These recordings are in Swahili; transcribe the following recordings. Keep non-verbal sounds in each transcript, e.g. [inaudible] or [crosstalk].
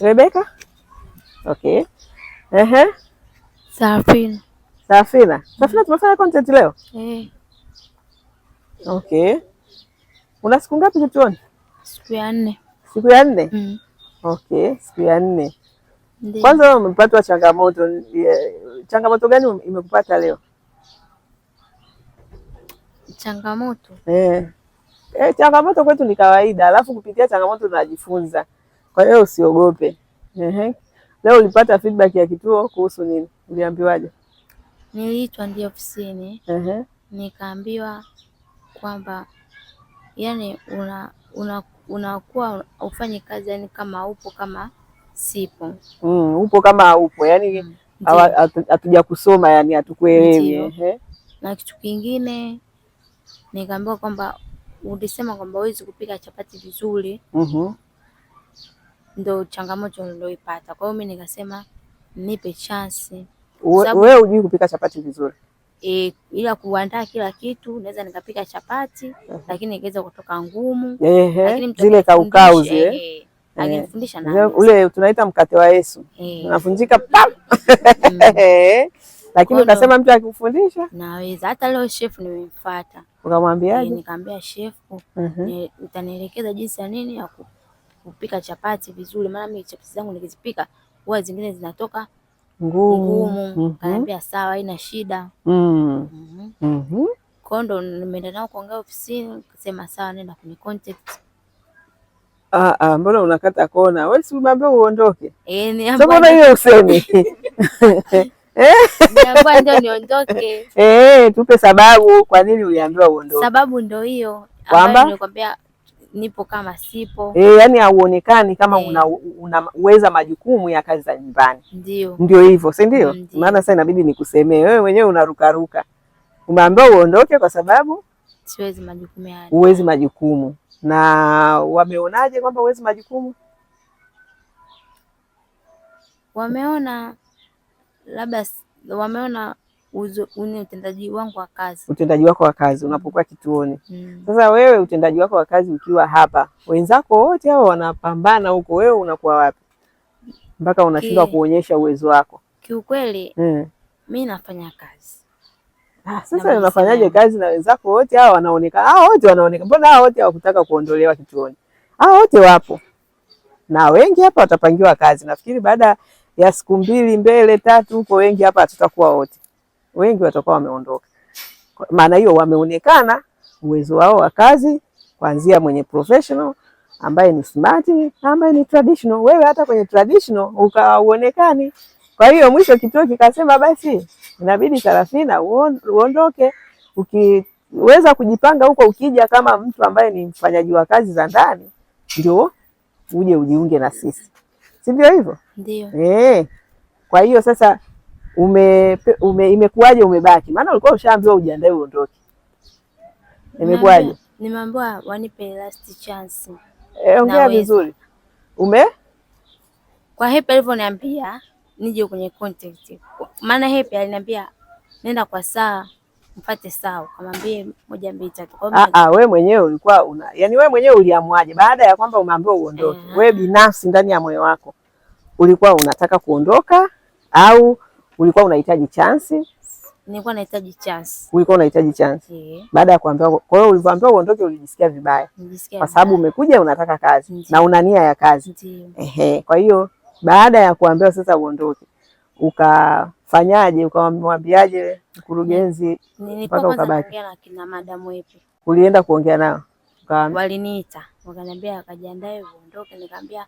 Rebeka? Okay. -huh. Safina. Safina. Safina tumefanya content leo? Eh. Okay. Una siku ngapi kituoni? Siku ya nne. Siku ya nne? Mm. Okay, siku ya nne. Kwanza umepatwa changamoto. Eh, changamoto gani um-, imekupata leo? Changamoto. Eh. Eh, changamoto kwetu ni kawaida, alafu kupitia changamoto tunajifunza. Kwa hiyo usiogope. Ehe. Leo ulipata feedback ya kituo kuhusu nini? Uliambiwaje? Niliitwa ndio ofisini. Ehe. Nikaambiwa kwamba yani unakuwa una, ufanye kazi yani kama upo kama sipo. Mm, upo kama upo yani mm. kusoma yani, hatukuelewi. Ehe. Na kitu kingine nikaambiwa kwamba ulisema kwamba huwezi kupika chapati vizuri. mm ndo changamoto niloipata. Kwa hiyo mimi nikasema nipe chance. Wewe hujui kupika chapati vizuri e, ila kuandaa kila kitu naweza nikapika chapati uh -huh. lakini ingeweza kutoka ngumu zile kaukau e, zile akinifundisha na ule tunaita mkate wa Yesu e. unafunjika mm. pam mm. lakini ukasema mtu akikufundisha naweza. Hata leo chef nimemfuata, ukamwambia e, nikamwambia shefu, utanielekeza jinsi ya nini ya kupika chapati vizuri, maana mimi chapati zangu nikizipika huwa zingine zinatoka ngumu. mm -hmm. Kaniambia sawa, haina shida. mm -hmm. mm -hmm. ndo nimeenda nao kuongea ofisini, kasema sawa, nenda kwenye contact. Ah, ah, mbona unakata kona wewe? Si umeambia uondoke? Eh, mbona hiyo usemi? [laughs] Eh? Ndio niondoke. Eh, tupe sababu kwa nini uliambiwa uondoke. Sababu ndio hiyo. Kwamba nikwambia nipo kama sipo e, yani hauonekani kama e, unaweza una majukumu ya kazi za nyumbani. Ndio, ndio hivyo, si mm, ndio? Maana sasa inabidi nikusemee wewe mwenyewe, unarukaruka, umeambiwa uondoke kwa sababu siwezi majukumu yani, Uwezi majukumu. Na wameonaje kwamba uwezi majukumu? Wameona labda wameona uzo, une utendaji wangu wa kazi, utendaji wako wa kazi unapokuwa kituoni mm. Sasa wewe utendaji wako wa kazi ukiwa hapa, wenzako wote hao wanapambana huko, wewe unakuwa wapi mpaka unashindwa kuonyesha uwezo wako kiukweli? mm. Mimi nafanya kazi Ah, sasa unafanyaje kazi na wenzako wote hao wanaonekana, hao wote wanaonekana, mbona hao wote hawakutaka kuondolewa kituoni? Hao wote wapo na wengi hapa watapangiwa kazi. Nafikiri baada ya siku mbili mbele tatu huko, wengi hapa tutakuwa wote wengi watakuwa wameondoka. Maana hiyo wameonekana uwezo wao wa kazi, kuanzia mwenye professional ambaye ni smart, ambaye ni traditional. Wewe hata kwenye traditional ukauonekani. Kwa hiyo mwisho kituo kikasema, basi inabidi Sarafina uondoke. Ukiweza kujipanga huko, ukija kama mtu ambaye ni mfanyaji wa kazi za ndani, ndio uje ujiunge na sisi, sivyo hivyo? Ndio eh. Kwa hiyo sasa ume, ume, imekuwaje umebaki? Maana ulikuwa ushaambiwa ujiandae uondoke, imekuwaje? Nimeambiwa wanipe last chance. Eh, ongea vizuri. Ume kwa Hepe alivyoniambia nije kwenye contact, maana Hepe aliniambia nenda kwa saa mpate sawa, kamwambie moja mbili tatu. Ah, ah, wewe mwenyewe ulikuwa una yani, wewe mwenyewe uliamwaje baada ya kwamba umeambiwa uondoke? Wewe eh. binafsi ndani ya moyo wako ulikuwa unataka kuondoka au Ulikuwa unahitaji chance? Nilikuwa nahitaji chance. Ulikuwa unahitaji chance. Yeah. Baada ya kuambiwa, kwa hiyo ulipoambiwa uondoke ulijisikia vibaya, kwa sababu umekuja unataka kazi. Ndiyo. na una nia ya kazi. Ehe, kwa hiyo baada ya kuambiwa sasa uondoke ukafanyaje? Ukamwambiaje mkurugenzi mpaka ukabaki? Na kina madam wetu ulienda kuongea nao? Waliniita wakaniambia, wakajiandae uondoke, nikamwambia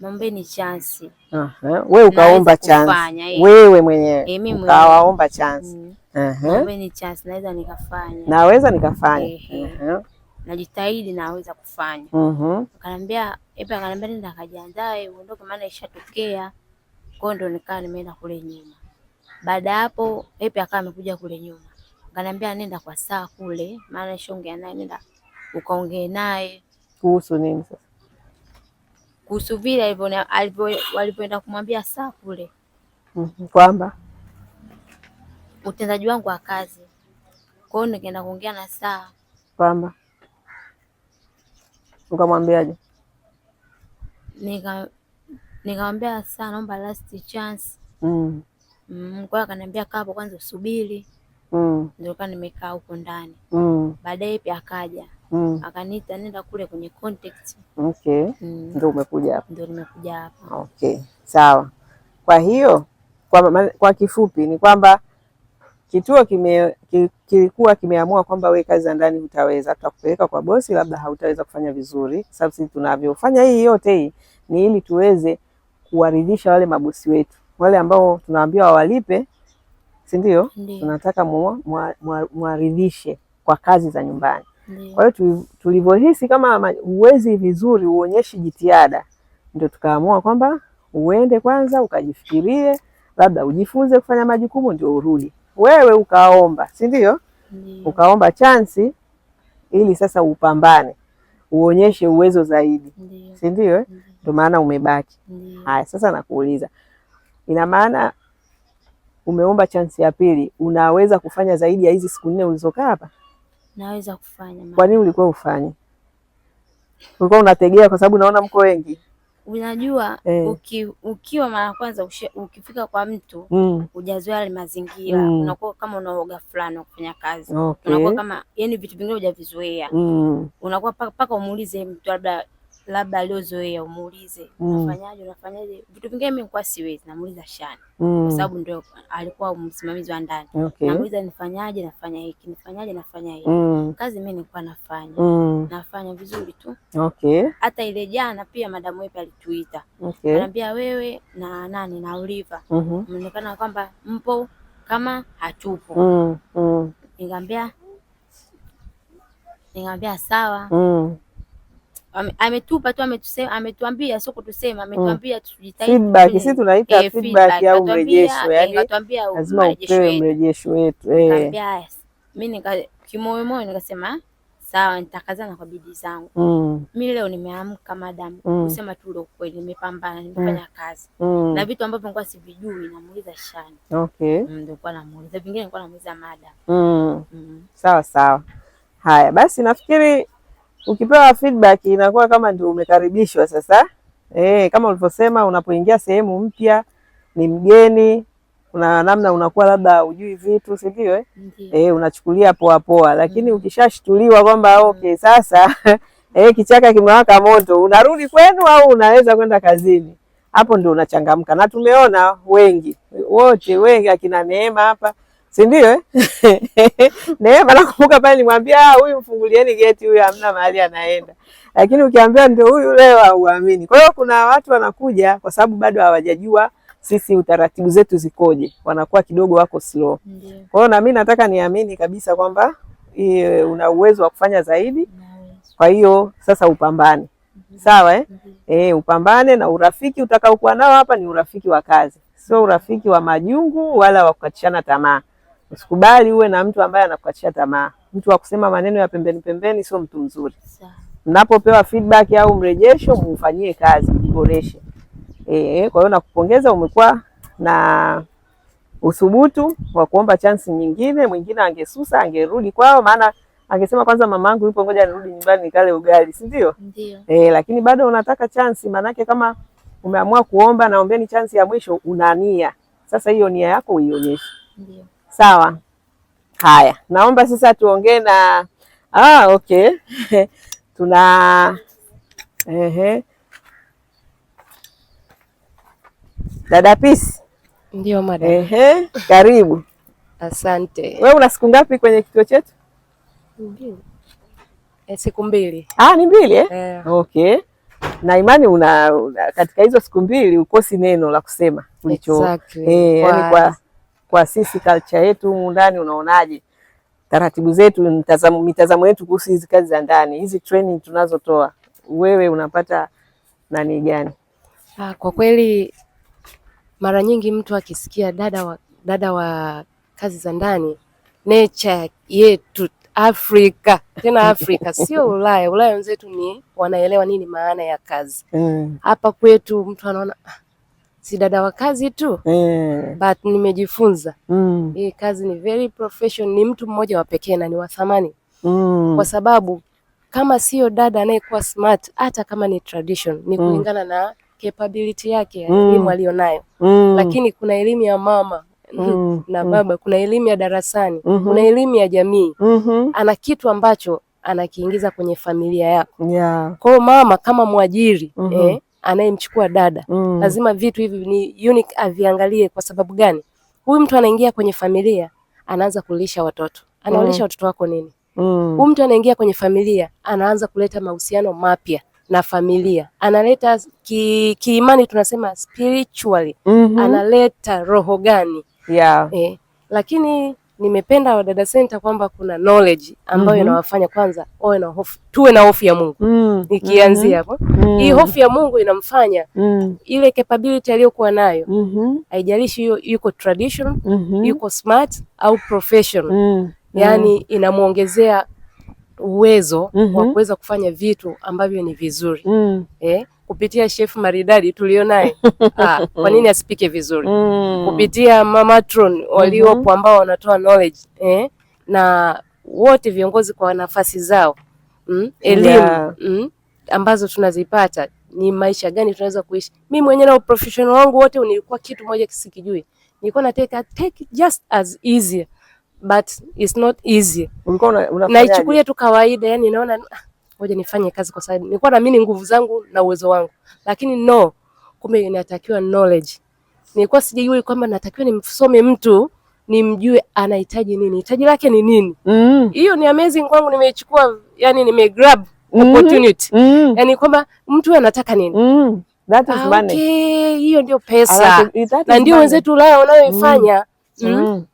Naombeni chance. Aha. We ukaomba chance. Eh. Wewe mwenyewe eh, ukawaomba chansi. Aha. Mm. Naombeni naweza nikafanya. Naweza nikafanya. Najitahidi naweza kufanya. Mhm. Akaniambia, epe akaniambia nenda kajiandae uondoke maana ishatokea. Kwa ndo nikaa nimeenda kule nyuma. Baada hapo epe akawa amekuja kule nyuma. Akaniambia nenda kwa saa kule maana shongea naye nenda ukaongee naye. Kuhusu nini sasa? kuhusu vile walivyoenda kumwambia saa kule mm-hmm. kwamba utendaji wangu wa kazi. Kwa hiyo nikaenda kuongea na saa kwamba ukamwambiaje? Nika nikamwambia saa, naomba last chance mm. Mm, kwa hiyo akaniambia kaa hapo kwanza usubiri mm. Ndio nimekaa huko ndani mm. Baadaye pia akaja mm. Akaniita nenda kule kwenye contact. Okay. Mm. Ndio umekuja hapa? Ndio nimekuja hapa. Okay, sawa. Kwa hiyo kwa, kwa kifupi ni kwamba kituo kime, kilikuwa kimeamua kwamba we kazi za ndani hutaweza, tutakupeleka kwa bosi, labda hautaweza kufanya vizuri, sababu sisi tunavyofanya hii yote hii ni ili tuweze kuwaridhisha wale mabosi wetu wale ambao tunawaambia wawalipe, si ndio? Tunataka mwaridhishe kwa kazi za nyumbani. Kwa hiyo tulivyohisi kama huwezi vizuri, uonyeshi jitihada, ndio tukaamua kwamba uende kwanza ukajifikirie, labda ujifunze kufanya majukumu ndio urudi wewe ukaomba, si ndio? Ukaomba chansi ili sasa upambane uonyeshe uwezo zaidi, si ndio? Eh? Ndio maana umebaki. Haya, sasa nakuuliza, ina maana umeomba chansi ya pili, unaweza kufanya zaidi ya hizi siku nne ulizokaa hapa? naweza kufanya. Kwa nini ulikuwa ufanye? Ulikuwa unategea kwa sababu naona mko wengi. Unajua eh, uki, ukiwa mara kwanza ukifika kwa mtu mm, hujazoea yale mazingira mm, unakuwa kama unaoga fulani kufanya kazi okay, unakuwa kama yani vitu vingine hujavizoea mm, unakuwa paka, paka umuulize mtu labda labda aliozoea umuulize mm. unafanyaje? mm. unafanyaje, Vitu vingine mimi nilikuwa siwezi, namuuliza Shani mm. kwa sababu ndio alikuwa msimamizi wa ndani okay. Namuuliza nifanyaje, nafanya hiki, nifanyaje, nafanya hiki mm. kazi mimi nilikuwa nafanya mm. nafanya vizuri tu okay. Hata ile jana pia madamu wepe alituita okay. Anambia wewe na nani na Oliver mnaonekana mm-hmm. mm -hmm. kwamba mpo kama hatupo mm. mm. Nikaambia nikaambia sawa mm ametupa tu ametusema, ametuambia sio kutusema, ametuambia mm. tujitahidi. Feedback sisi tunaita eh, feedback au mrejesho, eh, yani lazima upewe mrejesho wetu. Eh, ah, mimi nika kimoyo moyo nikasema ah, sawa, nitakazana kwa bidii zangu. Mm. Mimi leo nimeamka madam, mm. kusema tu leo kweli nimepambana, nimefanya kazi na vitu ambavyo nilikuwa sivijui, namuuliza Shani. Okay, ndio nilikuwa namuuliza, vingine nilikuwa namuuliza madam. sawa sawa, haya basi nafikiri Ukipewa feedback inakuwa kama ndio umekaribishwa sasa. Eh, kama ulivyosema, unapoingia sehemu mpya ni mgeni, kuna namna unakuwa labda ujui vitu, si ndio? E, unachukulia poa poa, lakini mm. ukishashtuliwa kwamba mm. okay, sasa [laughs] eh, kichaka kimewaka moto, unarudi kwenu au unaweza kwenda kazini, hapo ndio unachangamka, na tumeona wengi wote wengi akina Neema hapa si ndio eh? [laughs] Neema nakumbuka pale nimwambia ah, huyu mfungulieni geti, huyu hamna mahali anaenda, lakini ukiambia ndio huyu leo hauamini. Kwa hiyo kuna watu wanakuja kwa sababu bado hawajajua sisi utaratibu zetu zikoje, wanakuwa kidogo wako slow. Kwa hiyo na mimi nataka niamini kabisa kwamba eh, una uwezo wa kufanya zaidi. Kwa hiyo sasa upambane, mm-hmm. sawa eh? E, upambane na urafiki utakaokuwa nao hapa ni urafiki wa kazi, sio urafiki wa majungu wala wa kukatishana tamaa. Usikubali uwe na mtu ambaye anakuachia tamaa. Mtu wa kusema maneno ya pembeni pembeni sio mtu mzuri. Mnapopewa feedback au mrejesho, mufanyie kazi, mboreshe. Eh, kwa hiyo nakupongeza, umekuwa na uthubutu wa kuomba chansi nyingine. Mwingine angesusa angerudi kwao, maana angesema kwanza, mamangu yupo, ngoja nirudi nyumbani nikale ugali, si ndio? Eh, lakini bado unataka chansi, maanake kama umeamua kuomba, naombeni chansi ya mwisho, unania sasa. Hiyo nia yako uionyeshe. Ndio. Sawa, haya, naomba sasa tuongee na ah, okay [laughs] tuna ehe, dada Peace. Ndio madam. Ehe, karibu. Asante. Wewe una siku ngapi kwenye kituo chetu? Mbili. E, siku mbili. Ah, ni mbili eh? Yeah. Okay. Na imani una, una katika hizo siku mbili ukosi neno la kusema ulicho. Exactly. Eh, yani kwa kwa sisi culture yetu humu ndani, unaonaje taratibu zetu, mtazamo mitazamo yetu kuhusu hizi kazi za ndani, hizi training tunazotoa, wewe unapata nani gani? Ah, kwa kweli mara nyingi mtu akisikia dada wa, dada wa kazi za ndani nature yetu Afrika tena Afrika [laughs] sio Ulaya. Ulaya wenzetu ni wanaelewa nini maana ya kazi mm. hapa mm. Kwetu mtu anaona ah, si dada wa kazi tu eh, but nimejifunza mm. Hii kazi ni very profession, ni mtu mmoja wa pekee na ni wa thamani mm. Kwa sababu kama siyo dada anayekuwa smart, hata kama ni tradition ni mm. kulingana mm. na capability yake ya mm. elimu mm. aliyonayo mm. Lakini kuna elimu ya mama mm. [laughs] na mm. baba mm. Kuna elimu ya darasani mm -hmm. Kuna elimu ya jamii mm -hmm. Ana kitu ambacho anakiingiza kwenye familia yako yeah. Kwa hiyo mama kama mwajiri mm -hmm. eh, anayemchukua dada mm. Lazima vitu hivi ni unique aviangalie. Kwa sababu gani? Huyu mtu anaingia kwenye familia anaanza kulisha watoto, anawalisha mm. watoto wako nini? mm. Huyu mtu anaingia kwenye familia anaanza kuleta mahusiano mapya na familia, analeta kiimani, ki tunasema spiritually mm -hmm. analeta roho gani? yeah. eh, lakini nimependa Wadada Center kwamba kuna knowledge ambayo mm -hmm. inawafanya kwanza wawe na hofu, tuwe na hofu ya Mungu mm -hmm. ikianzia mhm. hapo mm -hmm. hii hofu ya Mungu inamfanya mm -hmm. ile capability aliyokuwa nayo mm -hmm. haijalishi yuko traditional mm -hmm. yuko smart au professional mm -hmm. yani mm. inamwongezea uwezo mm -hmm. wa mhm. kuweza kufanya vitu ambavyo ni vizuri mm. eh, kupitia chef maridadi tulio [laughs] ah, kwa nini asipike vizuri mm. kupitia mamatron waliopo mhm. ambao wanatoa knowledge eh, na wote viongozi kwa nafasi zao mm, elimu yeah. mm, ambazo tunazipata ni maisha gani tunaweza kuishi. Mimi mwenyewe na professional wangu wote nilikuwa kitu moja sikijui, nilikuwa na take, take just as easy but it's not easy. Naichukulia tu kawaida, yani naona ah, ngoja nifanye kazi kwa sababu nilikuwa naamini nguvu zangu na uwezo wangu, lakini no, kumbe inatakiwa knowledge. Nilikuwa sijui kwamba natakiwa nimsome mtu nimjue anahitaji nini, hitaji lake ni nini. Mm. Hiyo mm. ni amazing kwangu, nimeichukua yani nime grab mm. opportunity mm. yani kwamba mtu anataka nini mm. That is money. Ah, okay, hiyo ndio pesa ah, na ndio wenzetu Ulaya wanayoifanya mm. mm. mm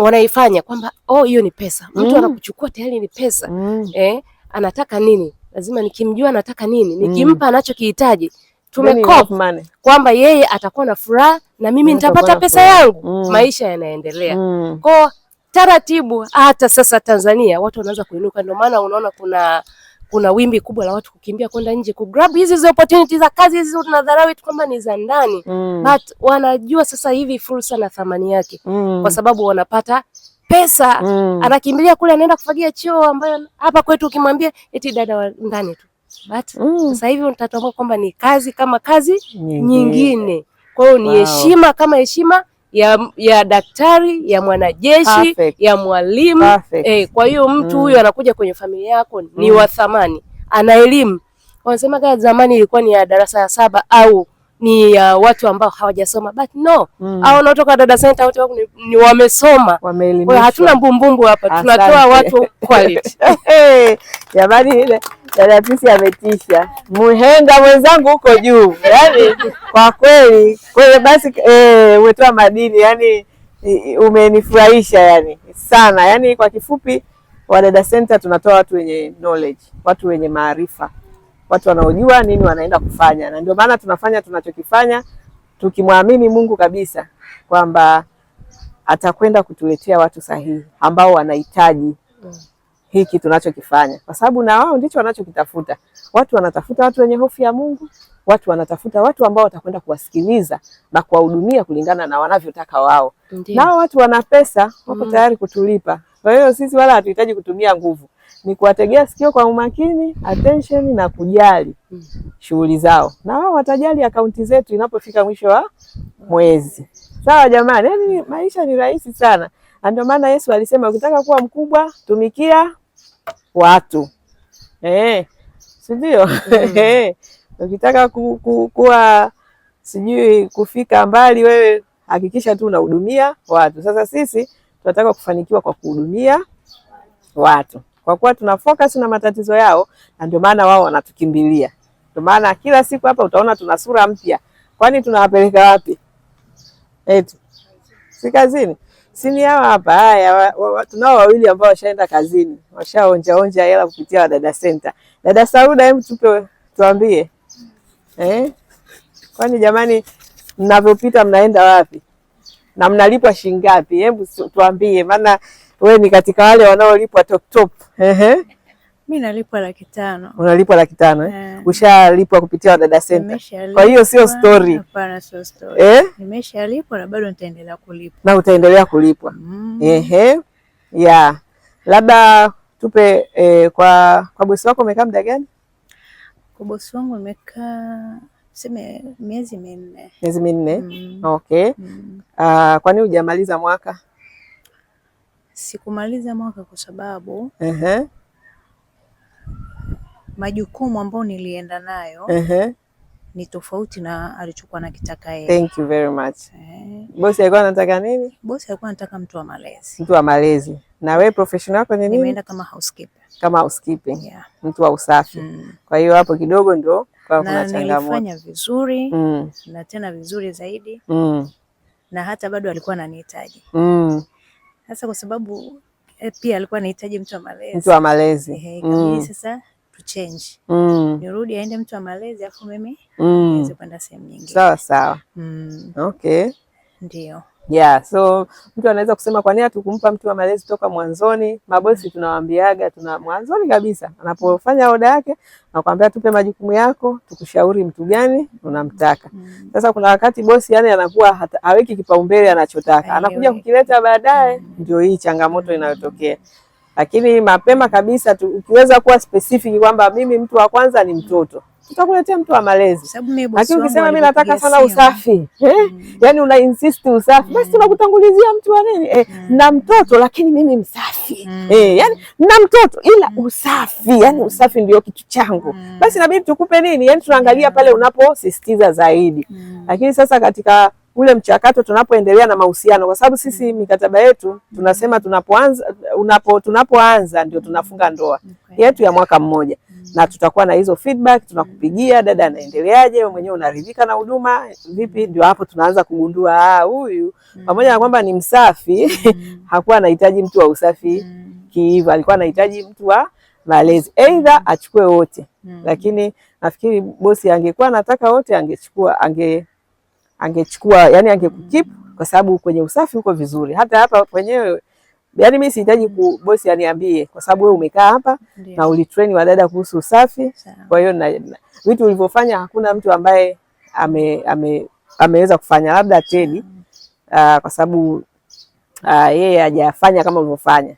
wanaifanya kwamba oh, hiyo ni pesa. Mtu mm. anakuchukua tayari ni pesa mm. eh, anataka nini? Lazima nikimjua anataka nini, nikimpa mm. anachokihitaji tumekopa kwamba yeye atakuwa na furaha na mimi nitapata pesa yangu mm. maisha yanaendelea mm. kwa taratibu. Hata sasa Tanzania watu wanaanza kuinuka, ndio maana unaona kuna kuna wimbi kubwa la watu kukimbia kwenda nje ku grab hizi hizo opportunities za kazi hizi, tunadharau tu kwamba ni za ndani mm. but wanajua sasa hivi fursa na thamani yake mm. kwa sababu wanapata pesa mm. anakimbilia kule, anaenda kufagia choo, ambayo hapa kwetu ukimwambia eti dada wa ndani tu but mm. sasa hivi utatambua kwamba ni kazi kama kazi nyingine, nyingine. Kwa hiyo ni heshima wow. kama heshima ya, ya daktari ya mwanajeshi Perfect. ya mwalimu eh. Kwa hiyo mtu mm. huyo mm. anakuja kwenye familia yako ni mm. wa thamani, ana elimu. Wanasema kama zamani ilikuwa ni ya darasa ya saba au ni uh, watu ambao hawajasoma but no mm. au wanaotoka dada center wote ni, ni wamesoma, wameelimishwa. Hatuna mbumbumbu hapa, tunatoa watu quality [laughs] jamani. Ile dada Tisi ametisha, muhenga mwenzangu huko juu yani kwa kweli kweli, basi eh, umetoa madini yani umenifurahisha yani sana yani. Kwa kifupi, Wadada Center tunatoa watu wenye knowledge, watu wenye maarifa watu wanaojua nini wanaenda kufanya, na ndio maana tunafanya tunachokifanya tukimwamini Mungu kabisa kwamba atakwenda kutuletea watu sahihi ambao wanahitaji mm. hiki tunachokifanya, kwa sababu na wao ndicho wanachokitafuta. Watu wanatafuta watu wenye hofu ya Mungu, watu wanatafuta watu ambao watakwenda kuwasikiliza na kuwahudumia kulingana na wanavyotaka wao. Nao watu wana pesa, wako mm. tayari kutulipa. Kwa hiyo sisi wala hatuhitaji kutumia nguvu, ni kuwategea sikio kwa umakini, attention na kujali shughuli zao, na wao watajali akaunti zetu inapofika mwisho wa mwezi. Sawa jamani, yani maisha ni rahisi sana, na ndio maana Yesu alisema ukitaka kuwa mkubwa tumikia watu eh, si ndio? Mm. [laughs] Eh, ukitaka ku, ku, kuwa sijui kufika mbali, wewe hakikisha tu unahudumia watu. Sasa sisi tunataka kufanikiwa kwa kuhudumia watu kwa kuwa tuna focus na matatizo yao, na ndio maana wao wanatukimbilia. Ndio maana kila siku hapa utaona tuna sura mpya. Kwani tunawapeleka wapi? Eti si kazini? Si ni hawa hapa? Haya tunao wawili ambao washaenda kazini, washaonja onja hela kupitia Wadada Center. Dada Sauda, hebu tupe tuambie, eh, kwani jamani, mnavyopita mnaenda wapi na mnalipwa shilingi ngapi? Hebu tuambie maana wewe ni katika wale wanaolipwa top top. Ehe. Mimi nalipwa laki tano. Unalipwa laki tano eh? Yeah. Ushalipwa kupitia Wadada Center. Kwa hiyo sio story. Hapana, sio story. Eh? Nimeshalipwa na bado nitaendelea kulipwa. Na utaendelea kulipwa. Mm. Ehe. Yeah. Labda tupe eh, kwa kwa bosi wako umekaa muda gani? Kwa bosi wangu nimekaa sema miezi minne. Miezi minne. Mm. Okay. Mm. Ah, kwani hujamaliza mwaka? Sikumaliza mwaka kwa sababu -huh. majukumu ambayo nilienda nayo -huh. ni tofauti na alichokuwa nakitaka yeye. Thank you very much. Eh. Bosi alikuwa anataka nini? Bosi alikuwa anataka mtu wa malezi. Mtu wa malezi. Na wewe profession yako ni nini? Nimeenda kama housekeeper. Kama housekeeping. Yeah. Mtu wa usafi. Mm. Kwa hiyo hapo kidogo ndio kwa kuna changamoto. Nilifanya vizuri mm. na tena vizuri zaidi mm. na hata bado alikuwa ananihitaji mm. Sasa kwa sababu eh, pia alikuwa anahitaji mtu wa malezi, mtu wa malezi. Mm. Sasa tu change mm. nirudi aende mtu wa malezi afu mimi mm. niweze kwenda sehemu nyingine. Sawa sawa mm. okay, ndio Yeah, so mtu anaweza kusema kwa nini hatukumpa mtu wa malezi toka mwanzoni? Mabosi tunawaambiaga tuna mwanzoni kabisa, anapofanya oda yake nakwambia, tupe majukumu yako, tukushauri mtu gani unamtaka. Mm. Sasa kuna wakati bosi yani anakuwa hata, haweki kipaumbele anachotaka anakuja kukileta baadaye, mm. ndio hii changamoto inayotokea. Lakini mapema kabisa tu, ukiweza kuwa specific kwamba mimi mtu wa kwanza ni mtoto tutakuletea mtu wa malezi. Lakini ukisema mimi nataka sana usafi eh? mm. Yaani una insist usafi mm. basi tunakutangulizia mtu wa nini eh, mm. na mtoto lakini mimi msafi mm. eh, yaani na mtoto ila mm. usafi yaani mm. usafi ndio kitu changu mm. basi nabidi tukupe nini, yani, tunaangalia mm. pale unaposisitiza zaidi mm. lakini sasa katika ule mchakato tunapoendelea na mahusiano, kwa sababu sisi mikataba yetu tunasema tunapoanza, unapo, tunapoanza ndio tunafunga ndoa okay. yetu ya mwaka mmoja na tutakuwa na hizo feedback, tunakupigia dada, anaendeleaje? Wewe mwenyewe unaridhika na huduma vipi? Ndio hapo tunaanza kugundua ah, huyu, mm. pamoja na kwamba ni msafi mm. [laughs] hakuwa anahitaji mtu wa usafi mm. kiiva, alikuwa anahitaji mtu wa malezi, aidha achukue wote. Lakini nafikiri bosi angekuwa anataka wote angechukua ange angechukua, yani angekukip kwa sababu kwenye usafi uko vizuri, hata hapa kwenyewe Yaani mimi sihitaji ku mm. bosi aniambie kwa sababu wewe umekaa hapa Ndiyo. na ulitrain wadada kuhusu usafi. Kwa hiyo vitu ulivyofanya hakuna mtu ambaye ame, ame, ameweza kufanya labda Teddy uh, ah, kwa sababu ah, yeye hajafanya kama ulivyofanya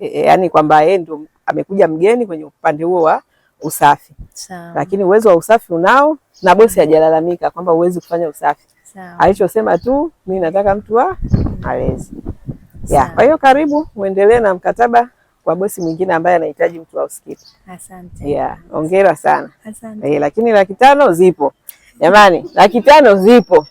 e, e, yaani kwamba yeye ndo amekuja mgeni kwenye upande huo wa usafi Sawa. Lakini uwezo wa usafi unao na bosi mm. hajalalamika kwamba uwezi kufanya usafi. Alichosema tu mimi nataka mtu wa mm. malezi yeah. Kwa hiyo karibu uendelee na mkataba kwa bosi mwingine ambaye anahitaji mtu wa housekeeper. Asante. Yeah, hongera sana. Asante. Eh, lakini laki tano zipo jamani, laki tano zipo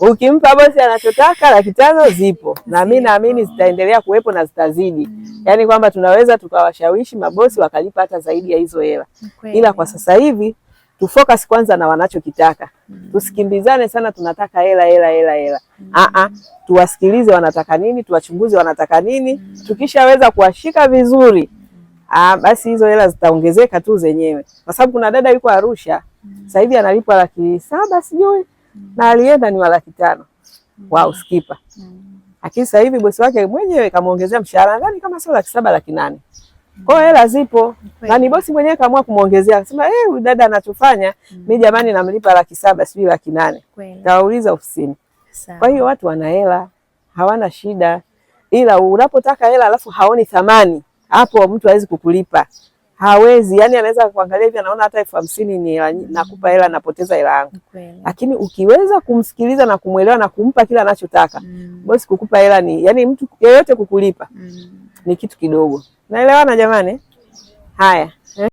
ukimpa bosi anachotaka laki tano zipo, na mimi naamini zitaendelea kuwepo na zitazidi. Mm. Yaani kwamba tunaweza tukawashawishi mabosi wakalipa hata zaidi ya hizo hela, ila kwa sasa hivi tufocus kwanza na wanachokitaka. mm. Tusikimbizane sana tunataka hela hela hela hela. mm. Ah, ah, tuwasikilize wanataka nini, tuwachunguze wanataka nini. mm. Tukishaweza kuwashika vizuri, ah, basi hizo hela zitaongezeka tu zenyewe, kwa sababu kuna dada yuko Arusha mm. sasa hivi analipwa laki saba sijui mm. na alienda ni wa laki tano mm. wow, skipa mm. lakini mm. sasa hivi bosi wake mwenyewe kamwongezea mshahara, gani kama sio laki saba laki nane Mm. Kwa hiyo hela zipo na ni bosi mwenyewe kaamua kumwongezea, akasema eh, huyu dada anachofanya mimi mm. jamani, namlipa laki saba sijui laki nane tawauliza ofisini. Kwa hiyo watu wana hela hawana shida, ila unapotaka hela alafu haoni thamani, hapo mtu hawezi kukulipa hawezi yani, anaweza kuangalia hivi, anaona hata elfu hamsini ni nakupa hela, napoteza hela yangu. Lakini ukiweza kumsikiliza na kumwelewa na kumpa kila anachotaka mm. bosi kukupa hela ni yani, mtu yeyote kukulipa mm. ni kitu kidogo. Naelewana jamani? Haya.